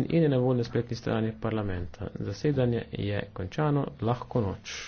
in je na voljo spletni strani parlamenta. Zasedanje je končano, lahko noč.